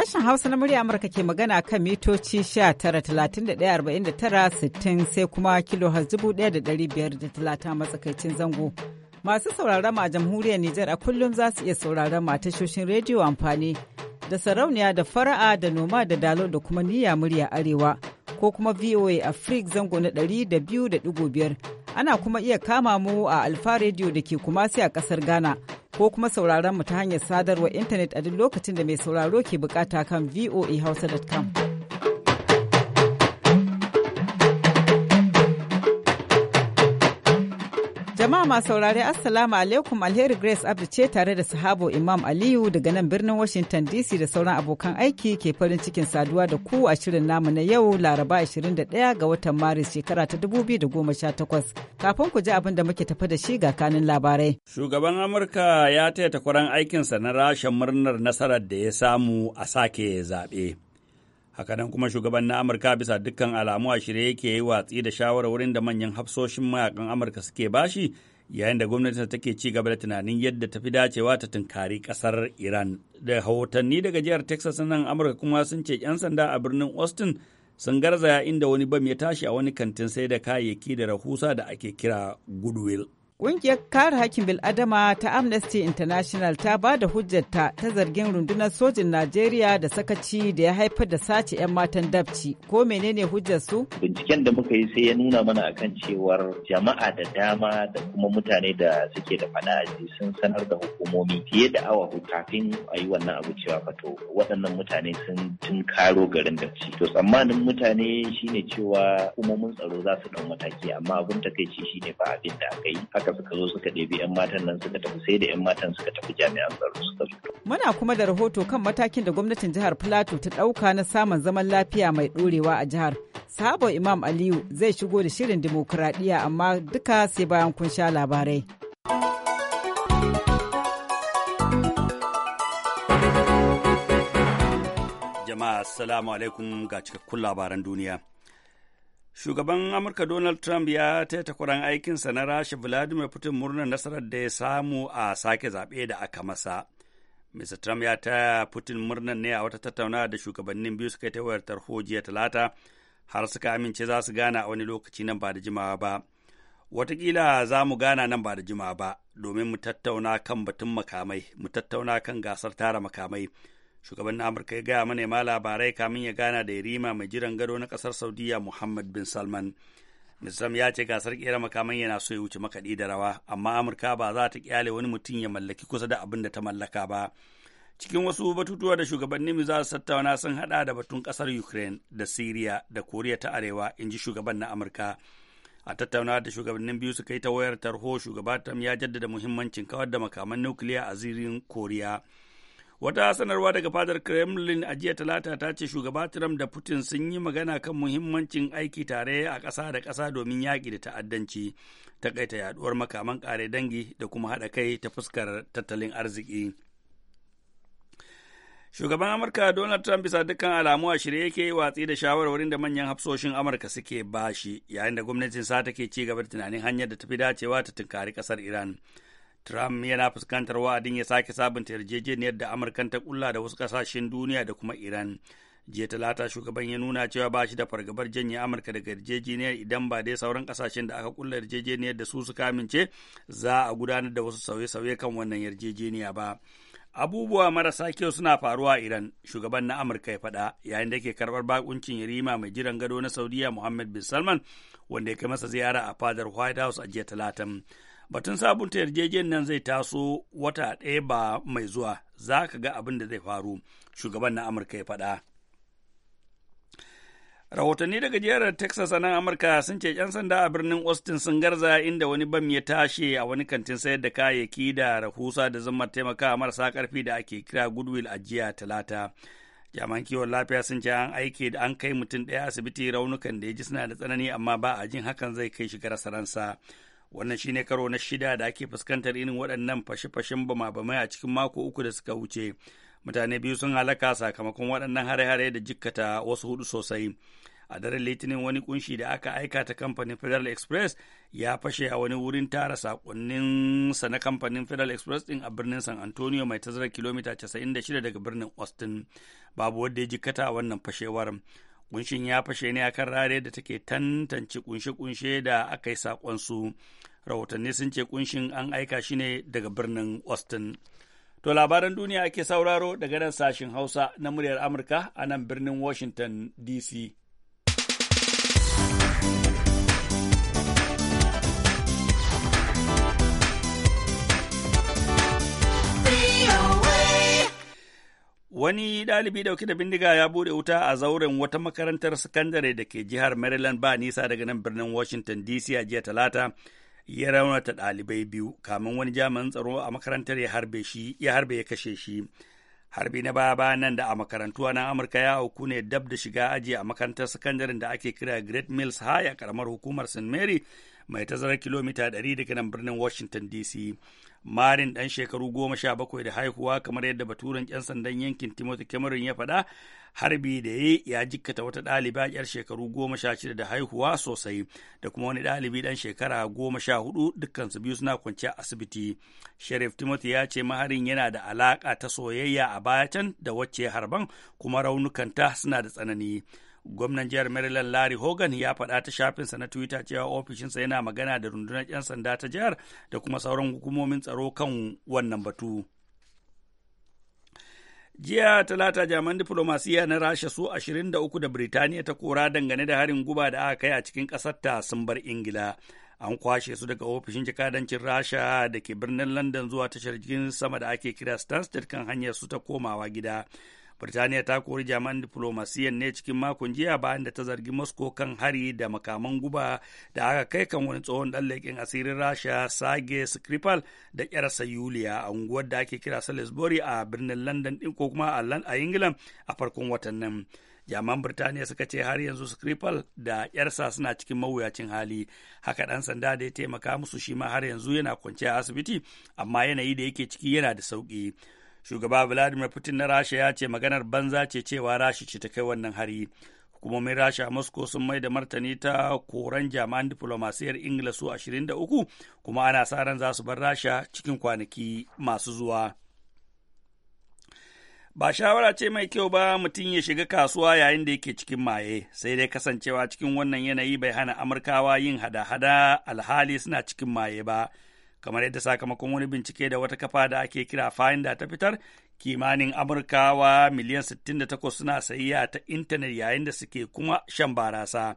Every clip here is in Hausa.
Sashen Hausa na murya Amurka ke magana kan mitoci 19,31,49,60 sai kuma kilo a matsakaicin zango. Masu sauraron a jamhuriyar Nijar a kullum za su iya sauraron ma tashoshin rediyo amfani da sarauniya da fara'a da noma da dalo da kuma niyya murya arewa ko kuma VOA Africa zango na 200.5 ana kuma iya kama mu a Alfa rediyo da ke kumasi a kasar Ghana. ko kuma sauraron mu ta hanyar sadarwar intanet a duk lokacin da mai sauraro ke bukata kan voahausa.com. Jama'a masu saurare Assalamu alaikum Alheri Grace Abdu ce tare da sahabo Imam Aliyu daga nan birnin Washington DC da sauran abokan aiki ke farin cikin saduwa da ku a shirin namu na yau Laraba 21 ga watan Maris shekara ta 2018. Kafin ku ji abin da muke tafi da shi ga kanin labarai. Shugaban Amurka ya taya takwaran aikinsa na rashin murnar nasarar da ya samu a sake zaɓe. hakanan kuma shugaban na amurka bisa dukkan alamu a shirye yake yi watsi da shawarwarin da manyan hafsoshin mayakan amurka suke bashi yayin da ta take ci gaba da tunanin yadda tafi dacewa ta tunkari kasar iran da rahotanni daga jihar texas nan amurka kuma sun ce 'yan sanda a birnin austin sun garzaya inda wani bam ya tashi a wani kantin sai da kayayyaki da rahusa da ake kira goodwill Ƙungiyar kare hakkin bil'adama ta Amnesty International ta ba da hujjarta ta zargin rundunar sojin Najeriya da sakaci da ya haifar da sace 'yan matan dabci. Ko menene hujjar su? Binciken da muka yi sai ya nuna mana akan cewar jama'a da dama da kuma mutane da suke da fada sun sanar da hukumomi fiye da awa kafin a yi wannan abu cewa fato waɗannan mutane sun tun karo garin dabci. To tsammanin mutane shine cewa hukumomin tsaro za su ɗau mataki amma abin takaici shine ba abin da aka yi. haka suka zo suka ɗebi 'yan matan nan suka tafi sai da 'yan matan suka tafi jami'an tsaro suka fito. Muna kuma da rahoto kan matakin da gwamnatin jihar Plateau ta ɗauka na samun zaman lafiya mai ɗorewa a jihar. Sabo Imam Aliyu zai shigo da shirin dimokuraɗiyya amma duka sai bayan kun sha labarai. Jama'a, Assalamu alaikum ga cikakkun labaran duniya. Shugaban Amurka Donald Trump ya taya takwaran aikinsa na Rasha Vladimir Putin murnar nasarar da ya samu a sake zaɓe da aka masa. Mr. Trump ya taya Putin murnar ne a wata tattaunawa da shugabannin biyu suka ta wayar tarho jiya talata har suka amince za su gana a wani lokaci nan ba da jimawa ba. Watakila za mu gana nan ba da jimawa ba domin mu tattauna kan batun makamai, mu tattauna kan gasar tara makamai, shugaban amurka ya gaya manema labarai kamin ya gana da yarima mai jiran gado na kasar saudiya muhammad bin salman Mr. ya ce gasar kera makaman yana so ya wuce makaɗi da rawa amma amurka ba za ta kyale wani mutum ya mallaki kusa da abin da ta mallaka ba cikin wasu batutuwa da shugabannin za su tattauna sun hada da batun kasar ukraine da syria da koriya ta arewa in ji shugaban na amurka a tattaunawa da shugabannin biyu suka yi ta wayar tarho shugaba ya jaddada muhimmancin kawar da makaman nukiliya a zirin koriya Wata sanarwa daga fadar Kremlin a jiya talata ta ce shugaba Trump da Putin sun yi magana kan muhimmancin aiki tare a kasa da ƙasa domin yaƙi da ta'addanci, takaita yaduwar makaman ƙare dangi da kuma haɗa kai ta fuskar tattalin arziki. Shugaban Amurka Donald Trump bisa dukkan alamu a shirye yake watsi da shawarwarin da manyan hafsoshin Amurka suke bashi yayin da gwamnatin sa take ci gaba da tunanin hanyar da tafi dacewa ta tunkari ƙasar Iran. Trump yana fuskantar wa'adin ya sake sabunta yarjejeniyar da Amurkan ta kulla da wasu kasashen duniya da kuma Iran. Jiya talata shugaban ya nuna cewa ba shi da fargabar janye Amurka daga yarjejeniyar idan ba dai sauran kasashen da aka kulla yarjejeniyar da su suka amince za a gudanar da wasu sauye-sauye kan wannan yarjejeniya ba. abubuwa marasa kyau suna faruwa a Iran, shugaban na Amurka ya faɗa yayin da ke karɓar bakuncin yarima mai jiran gado na Saudiya Muhammad bin Salman wanda ya kai masa ziyara a fadar White House a jiya Talatan. batun sabunta yarjejeniyar nan zai taso wata ɗaya ba mai zuwa za ka ga abin da zai faru shugaban na amurka ya faɗa rahotanni daga jihar texas a nan amurka sun ce 'yan sanda a birnin austin sun garza inda wani bam ya tashe a wani kantin sayar da kayayyaki da rahusa da zama taimaka marasa karfi da ake kira goodwill a jiya talata jaman kiwon lafiya sun ce an aiki da an kai mutum ɗaya asibiti raunukan da ya ji suna da tsanani amma ba a jin hakan zai kai shi da ransa wannan shine karo na shida da ake fuskantar irin waɗannan fashe-fashen bama-bamai a cikin mako uku da suka wuce mutane biyu sun halaka sakamakon waɗannan hare-hare da jikkata wasu hudu sosai a daren litinin wani kunshi da aka aika ta kamfanin federal express ya fashe a wani wurin tara sakonnin sa na kamfanin federal express din a birnin san antonio mai tazarar kilomita 96 daga birnin austin babu wanda ya jikkata wannan fashewar Kunshin ya fashe ne akan rare da take tantance kunshe-kunshe da aka yi su Rahotanni sun ce kunshin an aika shi ne daga birnin Austin. To labaran duniya ake sauraro daga nan sashin Hausa na muryar Amurka a nan birnin Washington DC. Wani ɗalibi ɗauke da bindiga ya buɗe wuta a zauren wata makarantar sakandare da ke jihar Maryland ba nisa daga nan birnin Washington DC a jiya Talata ya raunata ɗalibai biyu kamin wani jami'in tsaro a makarantar ya harbe shi ya harbe ya kashe shi. Harbi na baya bayan nan da a makarantu na Amurka ya auku ne dab da shiga aji a makarantar sakandaren da ake kira Great Mills High a karamar hukumar St. Mary mai tazarar kilomita 100 daga nan birnin Washington DC. marin ɗan shekaru goma sha bakwai da haihuwa kamar yadda baturen ƴan sandan yankin timothy cameron ya faɗa harbi da ya ya jikkata wata ɗaliba 'yar shekaru goma sha shida da haihuwa sosai da kuma wani ɗalibi ɗan shekara goma sha hudu dukkansu biyu suna kwanciya asibiti sheriff timothy ya ce maharin yana da alaƙa ta soyayya a baya da wacce harban kuma raunukanta suna da tsanani gwamnan jihar maryland larry hogan ya faɗa ta shafinsa na twitter cewa ofishinsa yana magana da rundunar 'yan sanda ta jihar da kuma sauran hukumomin tsaro kan wannan batu jiya talata jaman diplomasiya na rasha su 23 da birtaniya ta kora dangane da harin guba da aka kai a cikin ƙasarta sun bar ingila an kwashe su daga ofishin jakadancin rasha da ke birnin london zuwa tashar jirgin sama da ake kira stansted kan hanyar su ta komawa gida Birtaniya ta kori jami'an diplomasiyan ne cikin makon jiya bayan da ta zargi Moscow kan hari da makaman guba da aka kai kan wani tsohon dan leƙin asirin Rasha Sage Skripal da ƙyarsa Yuliya a unguwar da ake kira Salisbury a birnin London din ko kuma a Ingila a farkon watan nan. jaman Birtaniya suka ce har yanzu Skripal da ‘yarsa suna cikin mawuyacin hali, haka dan sanda da ya taimaka musu shi ma har yanzu yana kwanciya asibiti, amma yanayi da yake ciki yana da sauƙi. Shugaba Vladimir Putin na Rasha ya ce maganar banza ce cewa Rasha ce ta kai wannan hari. Hukumomin Rasha a Moscow sun mai da martani ta koran jami'an diflomasiyar Ingila su 23 kuma ana sa ran za su bar Rasha cikin kwanaki masu zuwa. ba shawara ce mai kyau ba mutum ya shiga kasuwa yayin da yake cikin maye sai dai kasancewa cikin wannan yanayi bai hana amurkawa yin hada-hada alhali suna cikin maye ba kamar yadda sakamakon wani bincike da wata kafa da ake kira finder ta fitar kimanin amurkawa miliyan 68 suna sayiya ta intanet yayin da suke kuma shan barasa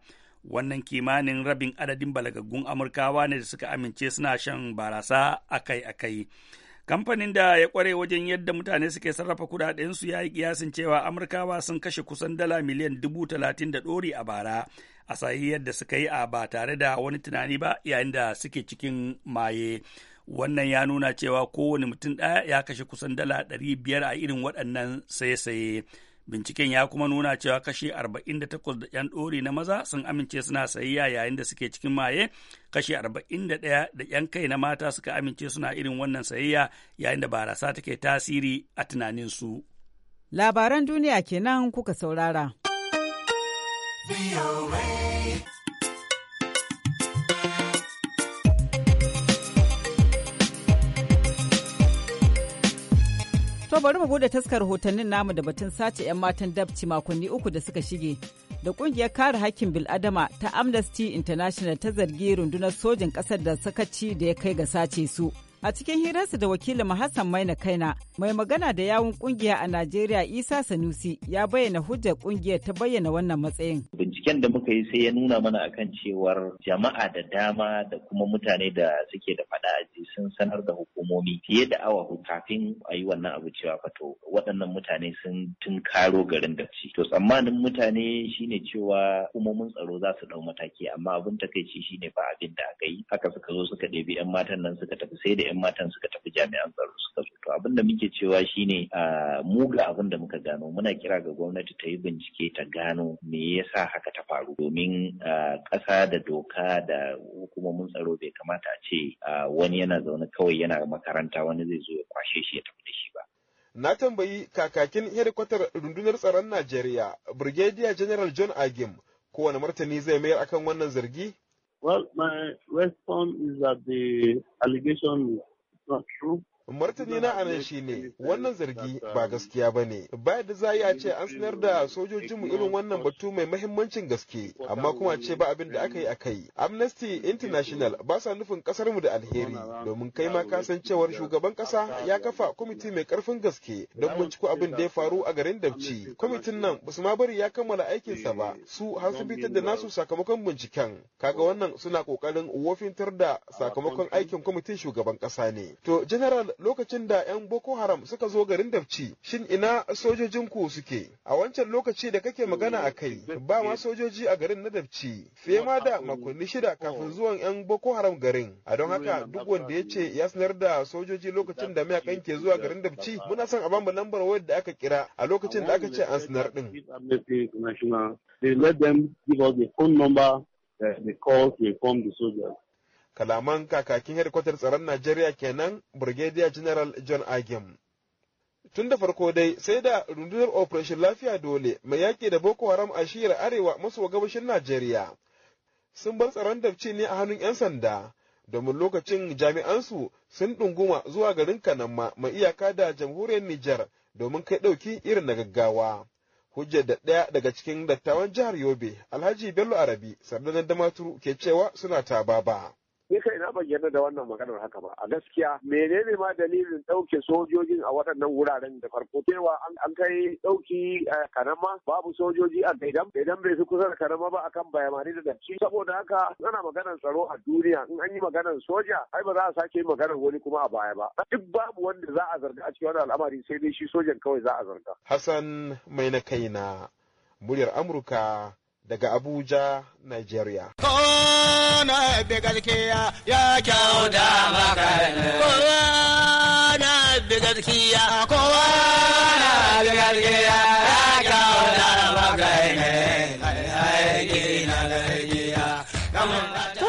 wannan kimanin rabin adadin balagaggun amurkawa ne da suka amince suna shan barasa akai-akai kamfanin da ya kware wajen yadda mutane suke sarrafa kudadensu ya yi kiyasin cewa amurkawa sun kashe kusan dala miliyan dubu talatin da dori a bara a sayi yadda suka yi a ba tare da wani tunani ba yayin da suke cikin maye wannan ya nuna cewa kowane mutum ɗaya ya kashe kusan dala ɗari biyar a irin waɗannan saye-saye binciken ya kuma nuna cewa kashe 48 da 'yan ɗori na maza sun amince suna sayayya yayin da suke cikin maye kashe 41 da 'yan kai na mata suka amince suna irin wannan sayayya yayin da barasa take tasiri a tunaninsu labaran duniya kenan kuka saurara. To bari mu bude taskar hotannin namu da batun sace 'yan matan dabci makonni uku da suka shige. Da kungiyar kare hakkin bil'adama ta Amnesty International ta zargi rundunar sojin ƙasar da sakaci da ya kai ga sace su. A cikin hirarsa da wakilin Hassan Maina Kaina, mai magana da yawun kungiya a Najeriya Isa Sanusi ya bayyana hujjar kungiyar ta bayyana wannan matsayin. Binciken da muka yi sai ya nuna mana akan cewar jama'a da dama da kuma mutane da suke da fada aji sun sanar da hukumomi fiye da awa kafin a yi wannan abu cewa fato waɗannan mutane sun tunkaro garin da To tsammanin mutane shine cewa hukumomin tsaro za su ɗau mataki amma abin takaici shine ba abin da aka yi. Haka suka zo suka ɗebi 'yan matan nan suka tafi sai da 'yan matan suka tafi jami'an tsaro suka zo to abin da muke cewa shine mu ga abin da muka gano muna kira ga gwamnati ta yi bincike ta gano me yasa haka ta faru domin ƙasa da doka da hukumomin tsaro bai kamata a ce wani yana zaune kawai yana makaranta wani zai zo ya kwashe shi ya tafi da shi ba na tambayi kakakin hedikwatar rundunar tsaron Najeriya, Brigadier General John Agim, kowane martani zai mayar akan wannan zargi? Well, my response is that the allegation is not true. martani na anan shi ne wannan zargi ba gaskiya ba ne ba da za a ce an sanar da sojojinmu irin wannan batu mai mahimmancin gaske amma kuma ce ba abin da aka yi a kai amnesty international ba sa nufin kasarmu da alheri domin kai ma kasancewar shugaban kasa ya kafa kwamiti mai karfin gaske don binciko abin da ya faru a garin dabci kwamitin nan basu ma bari ya kammala aikinsa ba su har su fitar da nasu sakamakon binciken kaga wannan suna kokarin wofintar da sakamakon aikin kwamitin shugaban kasa ne to general lokacin da 'yan Boko Haram suka zo garin Dabci, shin ina sojojinku suke? A wancan lokaci da kake magana a kai, ba ma sojoji a garin na Dabci, fiye ma da makonni shida kafin zuwan 'yan Boko Haram garin. A don haka duk wanda ya ce ya sanar da sojoji lokacin da mayakan ke zuwa garin Dabci, muna son a bamu lambar wayar da aka kira a lokacin da aka ce an sanar din. They let them give us the phone number, uh, the calls, to inform the soldiers. kalaman kakakin hedikwatar tsaron Najeriya kenan Brigadier General John Agim. Tun da farko dai sai da rundunar Operation Lafiya Dole mai yaƙi da Boko Haram a shiyar arewa maso gabashin Najeriya sun bar tsaron dabci ne a hannun 'yan sanda domin lokacin jami'ansu sun ɗunguma zuwa garin Kanamma mai iyaka da jamhuriyar Nijar domin kai ɗauki irin na gaggawa. hujjar da ɗaya daga cikin dattawan jihar Yobe, Alhaji Bello Arabi, sardanar damaturu ke cewa suna ta baba. ni kai na bayyana da wannan maganar haka ba a gaskiya menene ma dalilin ɗauke sojojin a waɗannan wuraren da farko cewa an kai ɗauki eh, karama babu sojoji a gaidan Gaidan bai fi kusa da karama ba akan bayamani da dabci saboda haka ana maganar tsaro a duniya in an yi maganar soja ai ba za a sake maganar wani kuma a baya ba duk babu wanda za a zarga a cikin wannan al'amari sai dai shi sojan kawai za a zarga Hassan mai na kaina muryar Amurka daga Abuja, Nigeria.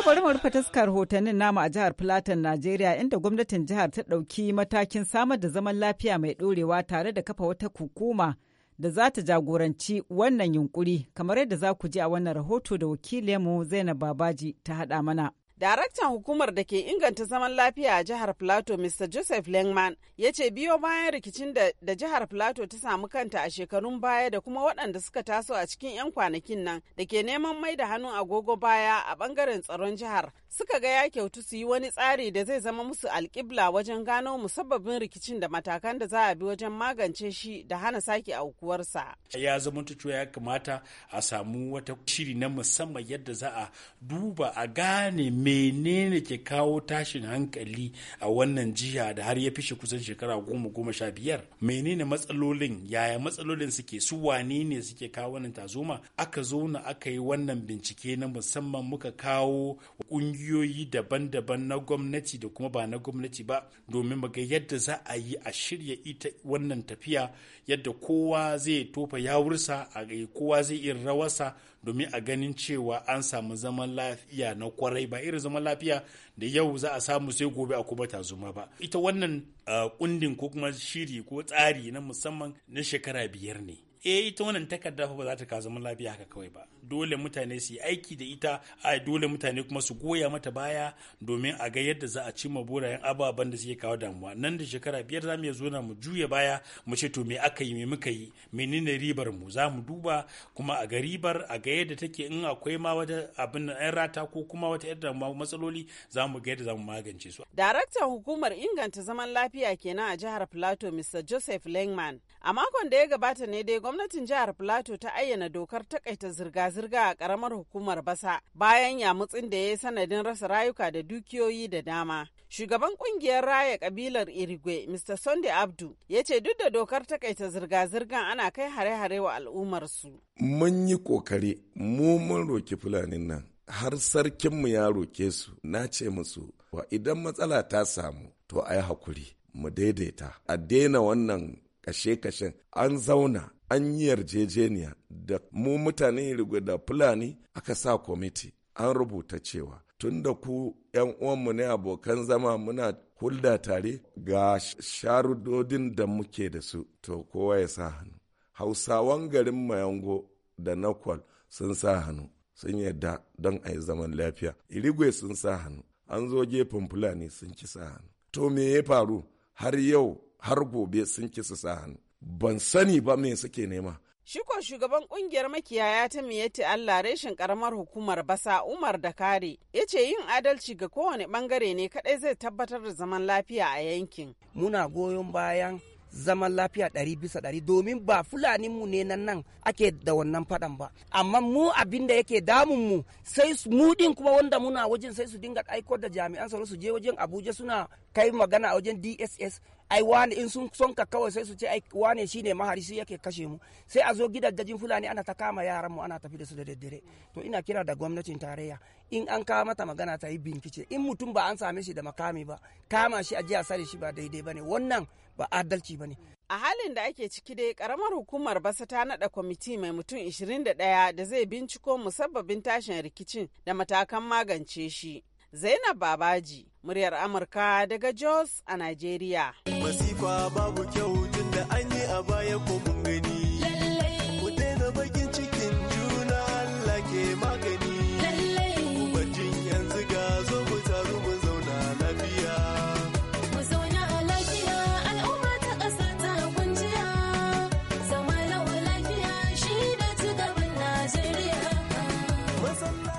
bari mu rufe taskar hotonin namu a jihar Filatan Najeriya inda gwamnatin jihar ta ɗauki matakin samar da zaman lafiya mai ɗorewa tare da kafa wata hukuma da za ta jagoranci wannan yunkuri kamar yadda za ku ji a wannan rahoto da wakilinmu Zainab Babaji ta haɗa mana. Daraktan hukumar da ke inganta zaman lafiya a jihar Plateau, Mr. Joseph Lengman, ya ce biyo bayan rikicin da, jihar Plateau ta samu kanta a shekarun baya da kuma waɗanda suka taso a cikin 'yan kwanakin nan da ke neman mai da hannu agogo baya a ɓangaren tsaron jihar. Suka ga ya kyautu su yi wani tsari da zai zama musu alƙibla wajen gano musabbabin rikicin da matakan da za a bi wajen magance shi da hana sake aukuwarsa. Ya zama cewa ya kamata a samu wata shiri na musamman yadda za a duba a gane menene ke kawo tashin hankali a wannan jiha da har ya fishe kusan shekara goma goma sha biyar menene matsalolin yaya matsalolin suke su wane ne suke kawo wannan tazoma aka zo na aka yi wannan bincike na musamman muka kawo ƙungiyoyi daban-daban na gwamnati da kuma ba na gwamnati ba domin ga yadda za a yi a shirya ita wannan tafiya yadda kowa zai tofa yawursa a kowa zai iya rawarsa domin a ganin cewa an samu zaman lafiya na kwarai ba irin zaman lafiya da yau za a samu sai gobe a kuma tazuma ba ita wannan ah, kundin ko kuma shiri ko tsari na musamman na shekara biyar ne eh ita wannan takarda ba za ta ka zaman lafiya haka kawai ba dole mutane su yi aiki da ita a dole mutane kuma su goya mata baya domin a ga yadda za a ci ma burayen ababen da suke kawo damuwa nan da shekara biyar za mu iya zuna mu juya baya mu ce to me aka yi me muka yi menene ribar mu za mu duba kuma a ga ribar a ga yadda take in akwai ma wata abin da yan rata ko kuma wata yadda matsaloli za mu ga yadda za mu magance su. Daraktan hukumar inganta zaman lafiya kenan a jihar Plateau Mr. Joseph Langman A makon da ya gabata ne dai gwamnatin jihar Plateau ta ayyana dokar takaita zirga-zirga a karamar hukumar Basa bayan yamutsin da ya yi sanadin rasa rayuka da dukiyoyi da dama. Shugaban kungiyar raya kabilar Irigwe, Mr. Sunday Abdu, ya ce duk da dokar takaita zirga-zirgan ana kai hare-hare wa al'ummarsu. Mun yi kokari, mu mun roki Fulanin nan, har sarkinmu ya roke su, na ce musu, wa idan matsala ta samu, to ai hakuri, mu daidaita, a daina wannan kashe-kashen an zauna an yi yarjejeniya da mu mutane da fulani aka sa kwamiti an rubuta cewa tun da ku 'yan uwanmu ne abokan zama muna hulda tare ga sharudodin da muke da su to kowa ya sa hannu hausawan garin mayango da nakwal sun sa hannu sun yadda don a yi zaman lafiya irigwe sun sa hannu an zo gefen fulani sun ki sa hannu to me ya faru har yau har gobe sun ki su sa hannu ban sani ba me suke nema Shiko shugaban kungiyar makiyaya ta miyatti Allah reshen karamar hukumar basa Umar da kare yace yin adalci ga kowane bangare ne kadai zai tabbatar da zaman lafiya a yankin. Muna goyon bayan zaman lafiya ɗari bisa ɗari domin ba fulani mu ne nan nan ake da wannan faɗan ba amma mu abin da yake damun mu sai mu din kuma wanda muna wajen sai su dinga aiko da jami'an tsaro su je wajen abuja suna kai magana a wajen dss ai wane in sun son ka kawai sai su ce ai wane shine maharisi yake kashe mu sai a zo gidajen fulani ana ta kama yaran mu ana tafi da su da daddare to ina kira da gwamnatin tarayya in an kawo mata magana ta yi bincike in mutum ba an same shi da makami ba kama shi a jiya sare shi ba daidai bane wannan ba adalci bane a halin da ake ciki dai karamar hukumar basa ta nada kwamiti mai mutum 21 da zai binciko musabbabin tashin rikicin da matakan magance shi Zainab Babaji, muryar Amurka daga Jos a Najeriya. Masifa babu kyau tun da an yi a baya ko mun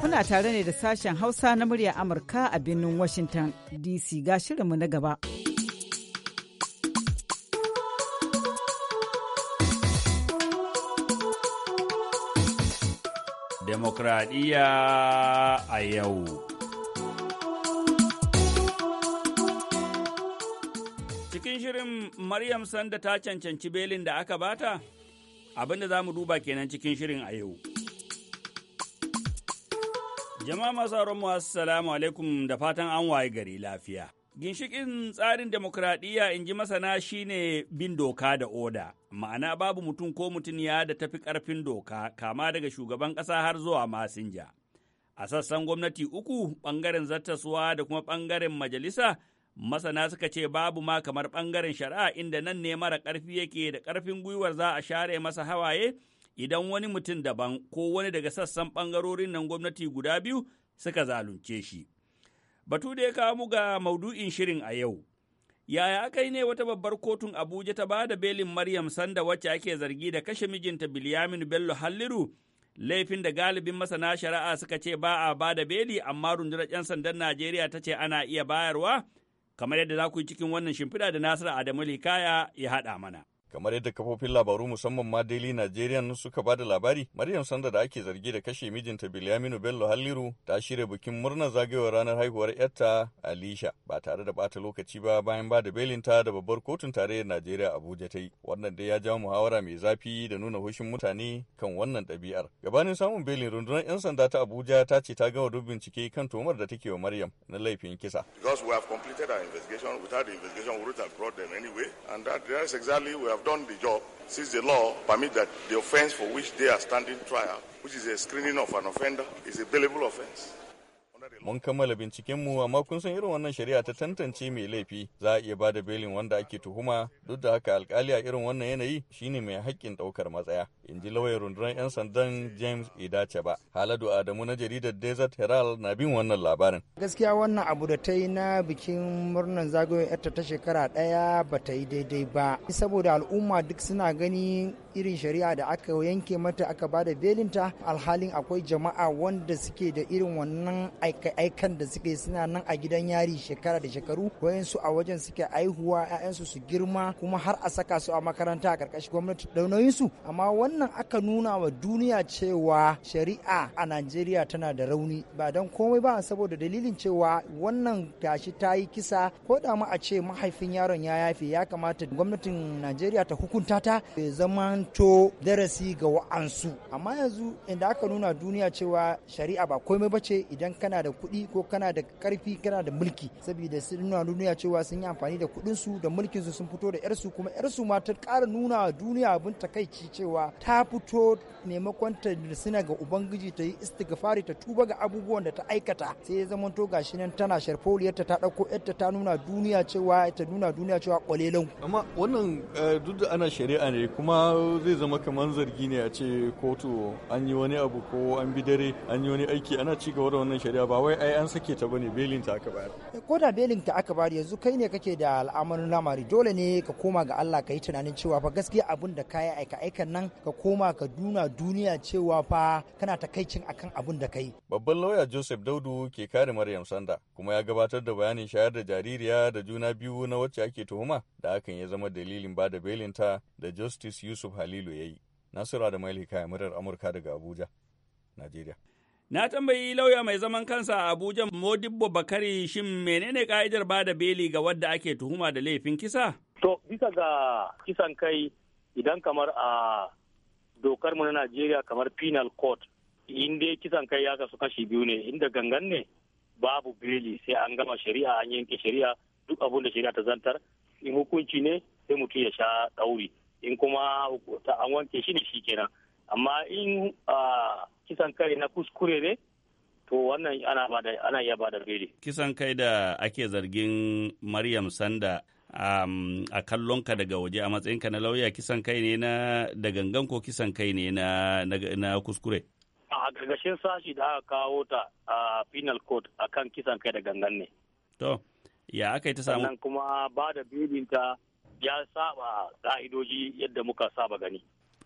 Kuna tare ne da sashen Hausa na murya Amurka a birnin Washington DC ga shirinmu na gaba. Demokradiyya a yau. Cikin shirin Maryam Sanda ta cancanci belin da aka bata? Abinda za mu duba kenan cikin shirin a yau. Jama'a masu mu assalamu alaikum da fatan an waye gari lafiya. Ginshikin tsarin demokradiyya in ji masana shine bin doka da oda, ma'ana babu mutum ko mutum ya da tafi ƙarfin doka kama daga shugaban ƙasa har zuwa masinja. A sassan gwamnati uku ɓangaren zattaswa da kuma ɓangaren majalisa masana suka ce babu ma kamar ɓangaren shari'a inda nan ne mara ƙarfi yake da ƙarfin gwiwar za a share masa hawaye idan wani mutum daban ko wani daga sassan ɓangarorin nan gwamnati guda biyu suka zalunce shi. Batu da ya kawo mu ga maudu'in shirin a yau. Yaya aka yi ne wata babbar kotun Abuja ta ba da belin Maryam Sanda wacce ake zargi da kashe mijinta Bilyamin Bello Halliru laifin da galibin masana shari'a suka ce ba a ba da beli amma rundunar 'yan sandan Najeriya ta ce ana iya bayarwa kamar yadda za ku yi cikin wannan shimfiɗa da Nasiru Adamu Likaya ya haɗa mana. kamar yadda kafofin labaru musamman ma Daily Nigerian suka bada labari Maryam Sanda da ake zargi da kashe mijinta Bilyaminu Bello Halliru ta shirya bikin murnar zagayowar ranar haihuwar yarta Alisha ba tare da bata lokaci ba bayan ba da belinta da babbar kotun tarayyar nigeria Abuja ta yi wannan dai ya jawo muhawara mai zafi da nuna hushin mutane kan wannan ɗabi'ar gabanin samun belin rundunar 'yan sanda ta Abuja ta ce ta gama duk bincike kan tomar da take wa Maryam na laifin kisa because we have completed our investigation without the investigation we would have brought them anyway and that, exactly we have done the job since the law permits that the offense for which they are standing trial, which is a screening of an offender, is a bailable offense. mun kammala bincikenmu amma kun san irin wannan shari'a ta tantance mai laifi za a iya ba da belin wanda ake tuhuma duk da haka alkali a irin wannan yanayi shine mai haƙƙin ɗaukar matsaya in ji lauyan rundunar 'yan sandan james idace ba haladu adamu na jaridar desert herald na bin wannan labarin gaskiya wannan abu da ta yi na bikin murnan 'yarta ta shekara ɗaya ba ta yi daidai ba saboda al'umma duk suna gani irin shari'a da aka yanke mata aka ba da belinta alhalin akwai jama'a wanda suke da irin wannan aikan da suke suna nan a gidan yari shekara da shekaru wayansu a wajen suke aihuwa 'ya'yansu su girma kuma har a saka su a makaranta a karkashin gwamnati da su amma wannan aka nuna wa duniya cewa shari'a a najeriya tana da rauni ba don komai ba saboda dalilin cewa wannan gashi ta yi kisa ko da ma a ce mahaifin yaron ya yafe ya kamata gwamnatin najeriya ta hukunta ta zama zamanto darasi ga wa'ansu amma yanzu inda aka nuna duniya cewa shari'a ba komai bace idan kana da kuɗi ko kana da karfi kana da mulki saboda sun nuna duniya cewa sun yi amfani da kuɗin su da mulkin su sun fito da yarsu kuma yarsu ma ta ƙara nuna duniya abin takaici cewa ta fito maimakon ta suna ga ubangiji ta yi istighfari ta tuba ga abubuwan da ta aikata sai ya zama zamanto gashi nan tana sharfoliyarta ta ɗauko yadda ta nuna duniya cewa ta nuna duniya cewa kwalelan amma wannan eh, duk da ana shari'a ne kuma zai zama kamar zargi ne a ce kotu an yi wani abu ko an bi dare an yi wani aiki ana ci gaba da wannan shari'a ba wai ai an sake ta bane belin ta aka bayar ko da belin ta aka bayar yanzu kai ne kake da al'amarin lamari dole ne ka koma ga Allah ka yi tunanin cewa fa gaskiya abin da kai aika aikan nan ka koma ka duna duniya cewa fa kana takaicin akan abin da kai babban lauya Joseph Daudu ke kare Maryam Sanda kuma ya gabatar da bayanin shayar da jaririya da juna biyu na wacce ake tuhuma da hakan ya zama dalilin ba da belin ta da Justice Yusuf Halilu ya yi. Nasura da Malika murar Amurka daga Abuja, Najeriya. Na tambayi lauya mai zaman kansa a Abuja Modibbo Bakari shin menene ka'idar ba da beli ga wadda ake tuhuma da laifin kisa? To, bisa ga kisan kai idan kamar a dokar mu na Najeriya kamar penal court inda kisan kai ya kasu kashi biyu ne inda gangan ne babu beli sai an gama shari'a an yanke shari'a duk abin da shari'a ta zantar in hukunci ne sai mutum ya sha ɗauri in kuma ta an wanke shi ne shi kenan amma in kisan kai na kuskure ne to wannan ana iya bada bere kisan kai da ake zargin maryam sanda um, a kallonka daga waje a ka na lauya kisan kai ne na da gangan ko kisan kai ne na, na, na kuskure a gargashin sashi da aka kawo ta a final court akan kisan kai da gangan ne to ya aka yi ta samu kuma ba da bibinta. ya saba ka'idoji yadda muka saba gani.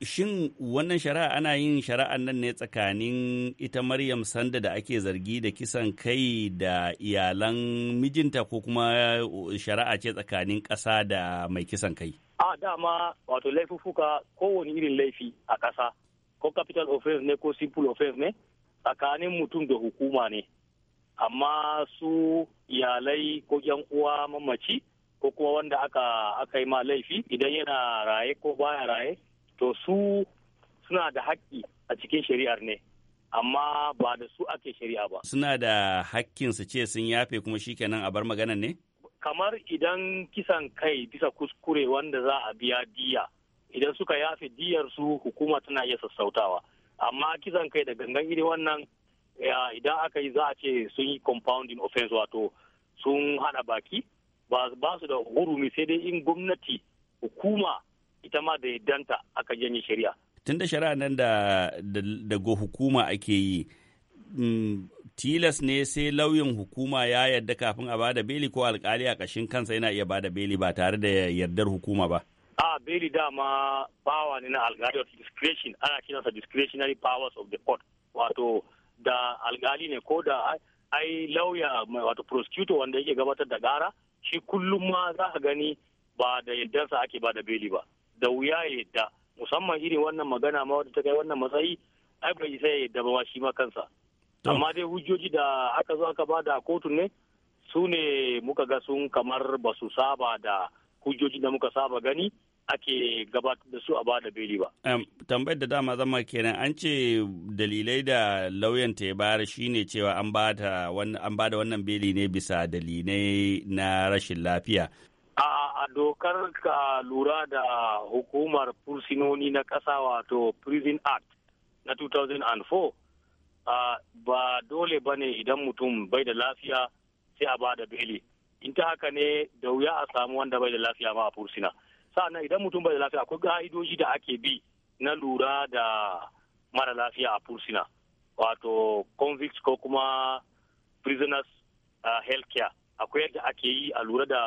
Shin wannan shari'a ana yin shari'a nan ne tsakanin ita Maryam Sanda da ake zargi da kisan kai da iyalan mijinta ko kuma shari'a ce tsakanin ƙasa da mai kisan kai? A dama wato laifufuka kowane irin laifi a ƙasa ko capital offense ne ko simple offense ne tsakanin mutum da hukuma ne. Amma su iyalai ko uwa mamaci ko kuma wanda aka aka yi ma laifi idan yana raye ko baya raye to su suna da haƙƙi a cikin shari'ar ne amma ba da su ake shari'a ba suna da haƙƙin su ce sun yafe kuma shikenan a bar maganan ne kamar idan kisan kai bisa kuskure wanda za a biya diya idan suka yafe diyar su hukuma tana iya sassautawa amma kisan kai da gangan iri wannan idan aka yi za a ce sun yi compounding offense wato sun hada baki ba su da hurumi sai dai in gwamnati hukuma ita ma da yaddanta aka janye shari'a tun da shari'a nan da daga hukuma ake yi mm, tilas ne sai lauyin hukuma ya yarda kafin a bada beli ko alkali a kashin kansa yana iya bada beli ba tare da yardar hukuma ba a beli dama bawa ne na alkali of discretion ana kiransa discretionary powers of the court wato da alkali ne ko da ai lauya wato prosecutor wanda yake gabatar da gara shi kullum ma za a gani ba da yaddansa ake ba da beli ba da wuya ya yadda musamman irin wannan magana ma wadda ta kai wannan matsayi ai bai sai ya yadda ba shi ma kansa amma dai hujjoji da aka zo aka ba da kotun ne su ne muka ga sun kamar ba su saba da hujjoji da muka saba gani ake gabatar da su a bada beli ba. tambayar da dama zama kenan an ce dalilai da lauyanta ya bayar shine cewa an bada wannan beli ne bisa dalilai na rashin lafiya. A dokar ka lura da hukumar fursinoni na ƙasa wato Prison Act na 2004 ba dole ba ne idan mutum bai da lafiya sai a bada beli. In ta haka ne da wuya a samu wanda bai da lafiya ma a fursina. sa'annan idan mutum bai da lafiya akwai ga'idoji da ake bi na lura da mara lafiya a fursuna wato convict ko kuma prisoners healthcare akwai yadda ake yi a lura da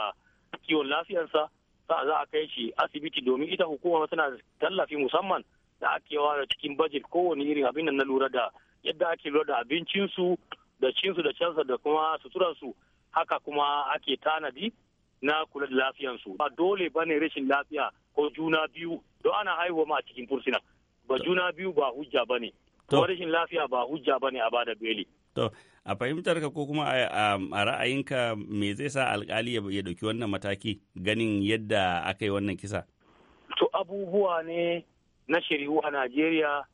kiwon lafiyarsa sa za a kai shi asibiti domin ita hukumar tana tallafi musamman da ake da cikin budget kowane irin abin nan na lura da yadda ake lura da abincinsu da cinsu da cansa da kuma suturarsu haka kuma ake tanadi na kula da lafiyansu ba dole ba ne rashin lafiya ko juna biyu don ana haihuwa ma a cikin fursuna ba juna biyu ba hujja ba ne. ko rashin lafiya ba hujja ba ne a bada beli to a fahimtar ka ko kuma a ra'ayinka me zai sa alkali ya dauki wannan mataki ganin yadda aka yi wannan kisa to abubuwa ne na shari'u a Najeriya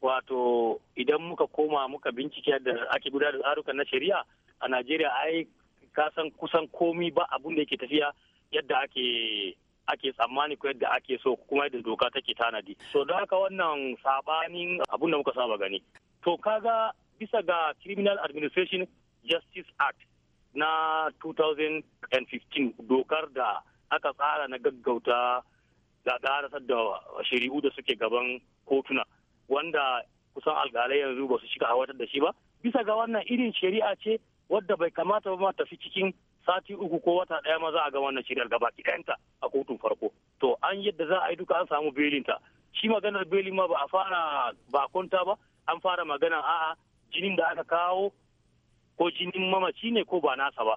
wato idan muka koma muka bincike yadda ake gudanar da tsarukan na shari'a a Najeriya ai ka san kusan komi ba abun da yake tafiya yadda ake ake tsammani ko yadda ake so kuma yadda doka take tanadi so don haka wannan sabanin abun da muka saba gani to kaga bisa ga criminal administration justice act na 2015 dokar da aka tsara na gaggauta da ƙarasar da shari'u da suke gaban kotuna wanda kusan alƙalai yanzu ba su shiga hawatar da shi ba bisa ga wannan irin shari'a ce wadda bai kamata ba tafi cikin sati uku ko wata ɗaya ma za a ga wannan shirya gaba ɗayanta a kotun farko to an yadda za a yi duka an samu belinta shi maganar belin ma ba a fara ba kwanta ba an fara magana a'a jinin da aka kawo ko jinin mamaci ne ko ba nasa ba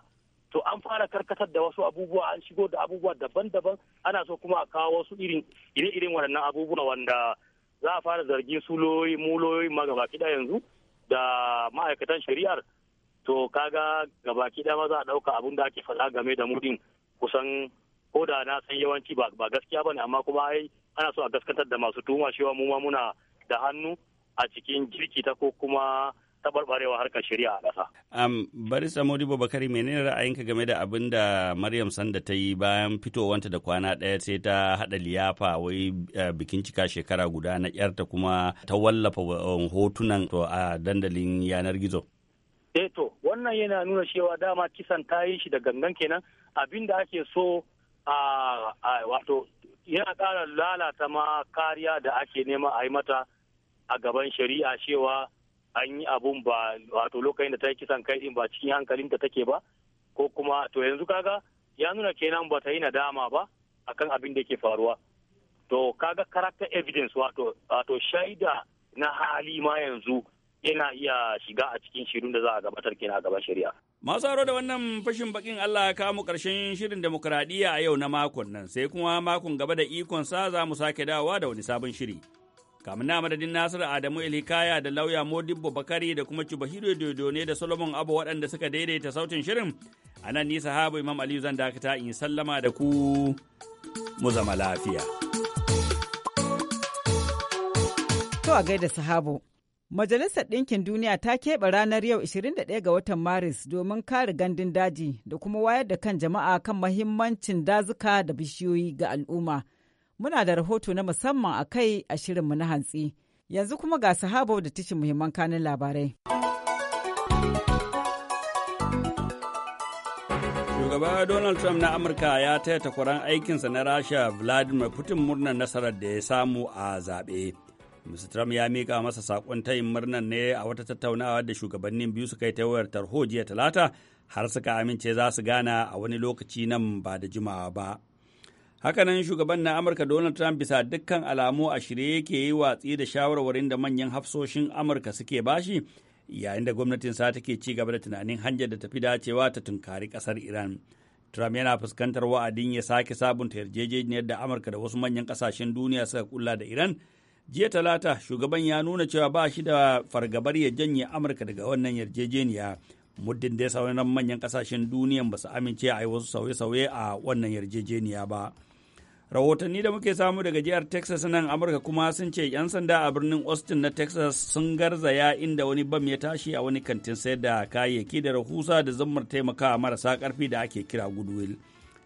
to an fara karkatar da wasu abubuwa an shigo da abubuwa daban-daban ana so kuma a kawo wasu irin ire-iren waɗannan abubuwa wanda za a fara zargin su loyi muloyi ma gaba yanzu da ma'aikatan shari'ar to kaga gabaki dama za a ɗauka abin da ake faɗa game da mudin kusan ko da na san yawanci ba gaskiya bane amma kuma ai ana so a gaskatar da masu tuhuma cewa mu ma muna da hannu a cikin jirki ta ko kuma taɓarɓarewa harkar shari'a a ƙasa. Um, bari bakari Bakari menene ra'ayinka game da abin da Maryam Sanda ta yi bayan fitowanta da kwana ɗaya sai ta haɗa liyafa wai eh, bikin cika shekara guda na ƴarta kuma ta wallafa eh, hotunan to a dandalin yanar gizo. eh to wannan yana nuna cewa dama kisan ta yi shi da gangan kenan abinda da ake so a wato yana ƙara lalata ma kariya da ake nema a yi mata a gaban shari'a cewa an yi abun ba wato lokacin da ta yi kisan kai din ba cikin hankalinta take ba ko kuma to yanzu kaga ya nuna kenan ba ta yi nadama ba akan abin da ke faruwa to kaga character evidence wato shaida na hali ma yanzu yana iya shiga a cikin shirin da za a gabatar kenan a gaban shari'a. Masu aro da wannan fashin bakin Allah ka mu karshen shirin demokuraɗiyya a yau na makon nan sai kuma makon gaba da ikon sa za mu sake dawowa da wani sabon shiri. Kamun na madadin Nasiru Adamu Ilikaya da lauya Modibbo Bakari da kuma Cibahiro Dodo ne da Solomon Abu waɗanda suka daidaita sautin shirin. A nan ni habu Imam Aliyu zan dakata in sallama da ku mu zama lafiya. To a gaida sahabu. Majalisar Ɗinkin Duniya ta keɓe ranar yau 21 ga watan Maris domin kare gandun daji da kuma wayar da kan jama'a kan mahimmancin dazuka da bishiyoyi ga al'umma. Muna da rahoto na musamman a kai a shirinmu na hantsi. Yanzu kuma ga sahabo da tishin muhimman kanin labarai. Shugaba Donald Trump na Amurka ya taya takwaran aikinsa na Rasha Vladimir Putin murnar nasarar da ya samu a zaɓe. Mr. Trump ya mika masa saƙon tayin murnar ne a wata tattaunawa da shugabannin biyu suka yi ta wayar tarho jiya talata har suka amince za su gana a wani lokaci nan ba da jimawa ba. Hakanan shugaban na Amurka Donald Trump bisa dukkan alamu a shirye yake yi watsi da shawarwarin da manyan hafsoshin Amurka suke bashi yayin da gwamnatin sa take ci gaba da tunanin hanyar da tafi dacewa ta tunkari kasar Iran. Trump yana fuskantar wa'adin ya sake sabunta yarjejeniyar da Amurka da wasu manyan kasashen duniya suka kula da Iran Jiya talata shugaban ya nuna cewa ba shi da fargabar ya janye Amurka daga wannan yarjejeniya muddin da ya sauran manyan kasashen duniyan ba su amince a yi wasu sauye-sauye a wannan yarjejeniya ba. rahotanni da muke samu daga jihar texas nan amurka kuma sun ce 'yan sanda a birnin austin na texas sun garzaya inda wani bam ya tashi a wani kantin sayar da kayayyaki da rahusa da zammar taimakawa marasa karfi da ake kira goodwill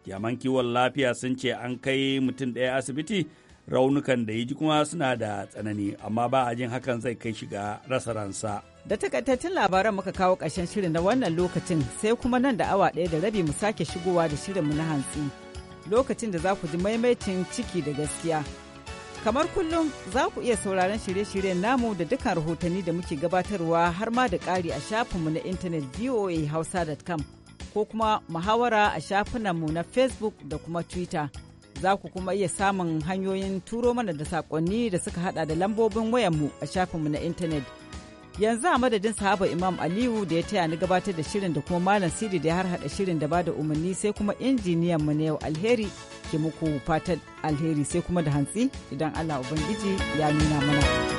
jaman kiwon lafiya sun ce an kai mutum ɗaya asibiti raunukan da ya ji kuma suna da tsanani amma ba a jin hakan zai kai shiga rasa ransa. Da takaitattun labaran muka kawo ƙarshen shirin na wannan lokacin sai kuma nan da awa ɗaya da rabi mu sake shigowa da shirin shirinmu na hantsi lokacin da za ku ji maimaitin ciki da gaskiya. Kamar kullum za ku iya sauraron shirye-shiryen namu da dukkan rahotanni da muke gabatarwa har ma da ƙari a shafinmu na intanet voahausa.com ko kuma muhawara a shafinanmu na Facebook da kuma Twitter. za ku kuma iya samun hanyoyin turo mana da saƙonni da suka hada da lambobin wayanmu a shafinmu na intanet yanzu a madadin sahaba imam aliyu da ya taya ni gabatar da shirin da kuma malam sidi da ya harhaɗa shirin da ba da umarni sai kuma injiniyan mu na yau alheri ke muku fatan alheri sai kuma da hantsi idan allah ubangiji ya nuna mana.